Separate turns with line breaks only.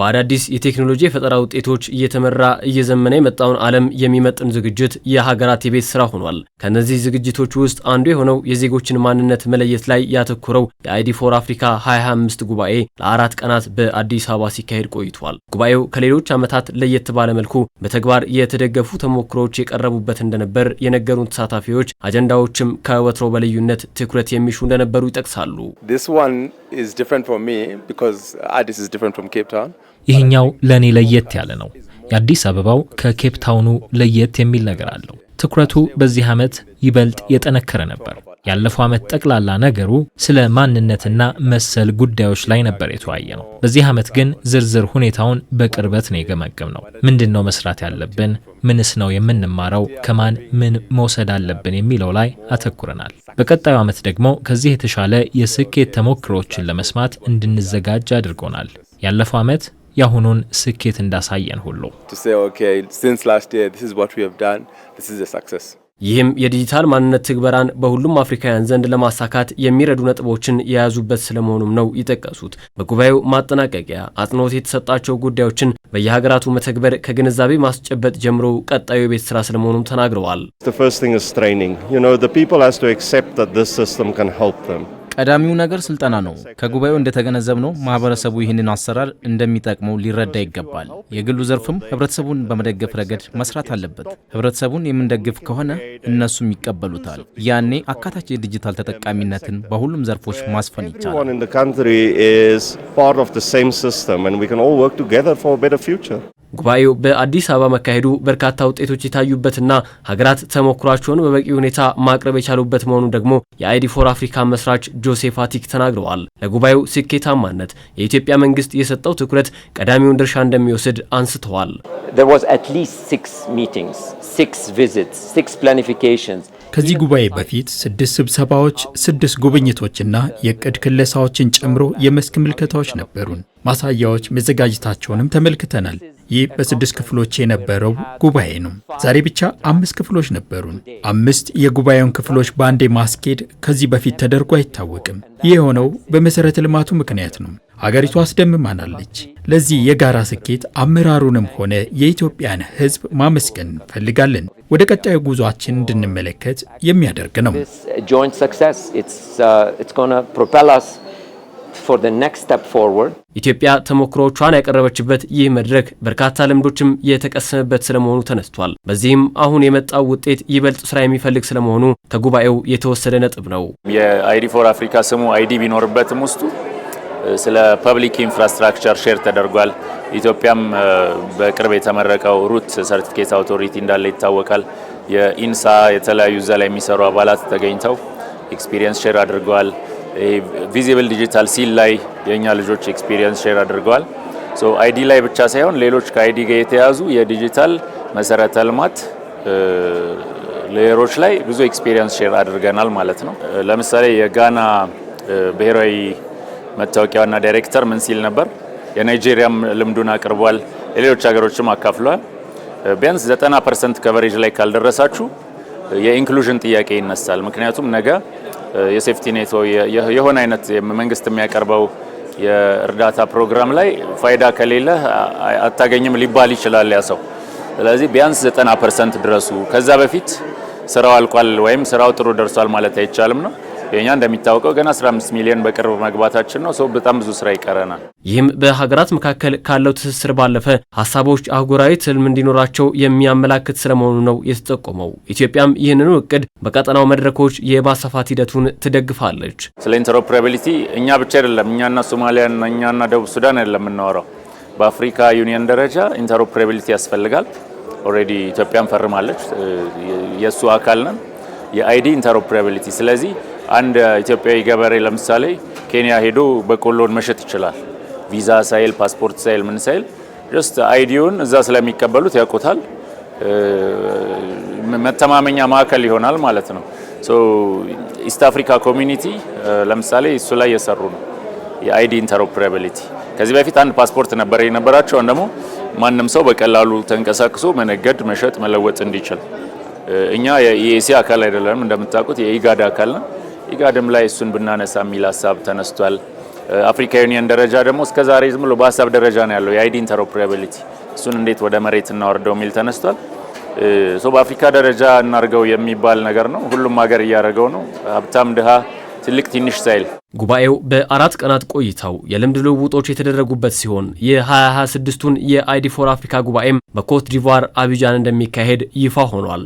በአዳዲስ የቴክኖሎጂ የፈጠራ ውጤቶች እየተመራ እየዘመነ የመጣውን ዓለም የሚመጥን ዝግጅት የሀገራት የቤት ስራ ሆኗል። ከእነዚህ ዝግጅቶች ውስጥ አንዱ የሆነው የዜጎችን ማንነት መለየት ላይ ያተኮረው የአይዲ ፎር አፍሪካ 25 ጉባኤ ለአራት ቀናት በአዲስ አበባ ሲካሄድ ቆይቷል። ጉባኤው ከሌሎች ዓመታት ለየት ባለ መልኩ በተግባር የተደገፉ ተሞክሮዎች የቀረቡበት እንደነበር የነገሩን ተሳታፊዎች፣ አጀንዳዎችም ከወትሮ በልዩነት ትኩረት የሚሹ እንደነበሩ ይጠቅሳሉ። ይህኛው ለእኔ ለየት ያለ ነው። የአዲስ አበባው ከኬፕታውኑ ለየት የሚል ነገር አለው። ትኩረቱ በዚህ ዓመት ይበልጥ የጠነከረ ነበር። ያለፈው ዓመት ጠቅላላ ነገሩ ስለ ማንነትና መሰል ጉዳዮች ላይ ነበር የተወያየ ነው። በዚህ ዓመት ግን ዝርዝር ሁኔታውን በቅርበት ነው የገመገም ነው። ምንድን ነው መስራት ያለብን? ምንስ ነው የምንማረው? ከማን ምን መውሰድ አለብን? የሚለው ላይ አተኩረናል። በቀጣዩ ዓመት ደግሞ ከዚህ የተሻለ የስኬት ተሞክሮዎችን ለመስማት እንድንዘጋጅ አድርጎናል። ያለፈው ዓመት የአሁኑን ስኬት እንዳሳየን ሁሉ ይህም የዲጂታል ማንነት ትግበራን በሁሉም አፍሪካውያን ዘንድ ለማሳካት የሚረዱ ነጥቦችን የያዙበት ስለመሆኑም ነው የጠቀሱት። በጉባኤው ማጠናቀቂያ አጽንዖት የተሰጣቸው ጉዳዮችን በየሀገራቱ መተግበር ከግንዛቤ ማስጨበጥ ጀምሮ ቀጣዩ የቤት ስራ ስለመሆኑም ተናግረዋል። ቀዳሚው ነገር ስልጠና ነው። ከጉባኤው እንደተገነዘብነው ማህበረሰቡ ይህንን አሰራር እንደሚጠቅመው ሊረዳ ይገባል። የግሉ ዘርፍም ህብረተሰቡን በመደገፍ ረገድ መስራት አለበት። ህብረተሰቡን የምንደግፍ ከሆነ እነሱም ይቀበሉታል። ያኔ አካታች የዲጂታል ተጠቃሚነትን በሁሉም ዘርፎች ማስፈን ይቻላል። ጉባኤው በአዲስ አበባ መካሄዱ በርካታ ውጤቶች የታዩበትና ሀገራት ተሞክሯቸውን በበቂ ሁኔታ ማቅረብ የቻሉበት መሆኑን ደግሞ የአይዲ ፎር አፍሪካ መስራች ጆሴፍ አቲክ ተናግረዋል። ለጉባኤው ስኬታማነት የኢትዮጵያ መንግስት የሰጠው ትኩረት ቀዳሚውን ድርሻ እንደሚወስድ አንስተዋል። ከዚህ ጉባኤ በፊት ስድስት ስብሰባዎች፣ ስድስት ጉብኝቶችና የእቅድ ክለሳዎችን ጨምሮ የመስክ ምልከታዎች ነበሩን። ማሳያዎች መዘጋጀታቸውንም ተመልክተናል። ይህ በስድስት ክፍሎች የነበረው ጉባኤ ነው። ዛሬ ብቻ አምስት ክፍሎች ነበሩን። አምስት የጉባኤውን ክፍሎች በአንዴ ማስኬድ ከዚህ በፊት ተደርጎ አይታወቅም። ይህ የሆነው በመሠረተ ልማቱ ምክንያት ነው። አገሪቱ አስደምማናለች። ለዚህ የጋራ ስኬት አመራሩንም ሆነ የኢትዮጵያን ሕዝብ ማመስገን እንፈልጋለን። ወደ ቀጣዩ ጉዟችን እንድንመለከት የሚያደርግ ነው። ኢትዮጵያ ተሞክሮቿን ያቀረበችበት ይህ መድረክ በርካታ ልምዶችም የተቀሰመበት ስለመሆኑ ተነስቷል። በዚህም አሁን የመጣው ውጤት ይበልጥ ስራ የሚፈልግ ስለመሆኑ ከጉባኤው የተወሰደ ነጥብ ነው።
የአይዲ ፎር አፍሪካ ስሙ አይዲ ቢኖርበትም ውስጡ ስለ ፐብሊክ ኢንፍራስትራክቸር ሼር ተደርጓል። ኢትዮጵያም በቅርብ የተመረቀው ሩት ሰርቲፊኬት አውቶሪቲ እንዳለ ይታወቃል። የኢንሳ የተለያዩ እዛ ላይ የሚሰሩ አባላት ተገኝተው ኤክስፒሪየንስ ሼር አድርገዋል። ቪዚብል ዲጂታል ሲል ላይ የእኛ ልጆች ኤክስፒሪየንስ ሼር አድርገዋል። አይዲ ላይ ብቻ ሳይሆን ሌሎች ከአይዲ ጋር የተያዙ የዲጂታል መሰረተ ልማት ሌየሮች ላይ ብዙ ኤክስፒሪየንስ ሼር አድርገናል ማለት ነው። ለምሳሌ የጋና ብሔራዊ መታወቂያ ዋና ዳይሬክተር ምን ሲል ነበር? የናይጄሪያም ልምዱን አቅርቧል፣ የሌሎች ሀገሮችም አካፍሏል። ቢያንስ 90 ፐርሰንት ከቨሬጅ ላይ ካልደረሳችሁ የኢንክሉዥን ጥያቄ ይነሳል። ምክንያቱም ነገ የሴፍቲ ኔት የሆነ አይነት መንግስት የሚያቀርበው የእርዳታ ፕሮግራም ላይ ፋይዳ ከሌለ አታገኝም ሊባል ይችላል ያ ሰው። ስለዚህ ቢያንስ 90 ፐርሰንት ድረሱ። ከዛ በፊት ስራው አልቋል ወይም ስራው ጥሩ ደርሷል ማለት አይቻልም ነው። የኛ እንደሚታወቀው ገና 15 ሚሊዮን በቅርብ መግባታችን ነው። ሰው በጣም ብዙ ስራ ይቀረናል።
ይህም በሀገራት መካከል ካለው ትስስር ባለፈ ሀሳቦች አህጉራዊ ትልም እንዲኖራቸው የሚያመላክት ስለመሆኑ ነው የተጠቆመው። ኢትዮጵያም ይህንኑ እቅድ በቀጠናው መድረኮች የማስፋፋት ሂደቱን ትደግፋለች።
ስለ ኢንተርኦፕራቢሊቲ እኛ ብቻ አይደለም፣ እኛና ሶማሊያና እኛና ደቡብ ሱዳን አይደለም የምናወራው። በአፍሪካ ዩኒየን ደረጃ ኢንተርኦፕራቢሊቲ ያስፈልጋል። ኦልሬዲ ኢትዮጵያን ፈርማለች፣ የእሱ አካል ነን። የአይዲ ኢንተሮፕራቢሊቲ ስለዚህ አንድ ኢትዮጵያዊ ገበሬ ለምሳሌ ኬንያ ሄዶ በቆሎን መሸጥ ይችላል። ቪዛ ሳይል፣ ፓስፖርት ሳይል፣ ምን ሳይል ጀስት አይዲውን እዛ ስለሚቀበሉት ያውቁታል። መተማመኛ ማዕከል ይሆናል ማለት ነው። ሶ ኢስት አፍሪካ ኮሚኒቲ ለምሳሌ እሱ ላይ የሰሩ ነው። የአይዲ ኢንተሮፕራቢሊቲ ከዚህ በፊት አንድ ፓስፖርት ነበር የነበራቸው። ደግሞ ማንም ሰው በቀላሉ ተንቀሳቅሶ መነገድ፣ መሸጥ፣ መለወጥ እንዲችል እኛ የኢኤሲ አካል አይደለም እንደምታውቁት የኢጋድ አካል ነው። ኢጋድም ላይ እሱን ብናነሳ የሚል ሀሳብ ተነስቷል። አፍሪካ ዩኒየን ደረጃ ደግሞ እስከ ዛሬ ዝም ብሎ በሀሳብ ደረጃ ነው ያለው የአይዲ ኢንተሮፕራቢሊቲ እሱን እንዴት ወደ መሬት እናወርደው የሚል ተነስቷል። በአፍሪካ ደረጃ እናርገው የሚባል ነገር ነው። ሁሉም ሀገር እያደረገው ነው። ሀብታም ድሃ፣ ትልቅ ትንሽ ሳይል
ጉባኤው በአራት ቀናት ቆይታው የልምድ ልውውጦች የተደረጉበት ሲሆን የ2026ቱን የአይዲ ፎር አፍሪካ ጉባኤም በኮት ዲቫር አቢጃን እንደሚካሄድ ይፋ ሆኗል።